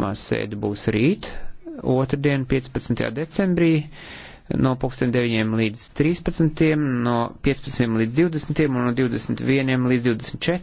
Nākamā sēde būs rīt, otrdien 15. decembrī, no 9. līdz 13. no 15. līdz 20. un no 21. līdz 24.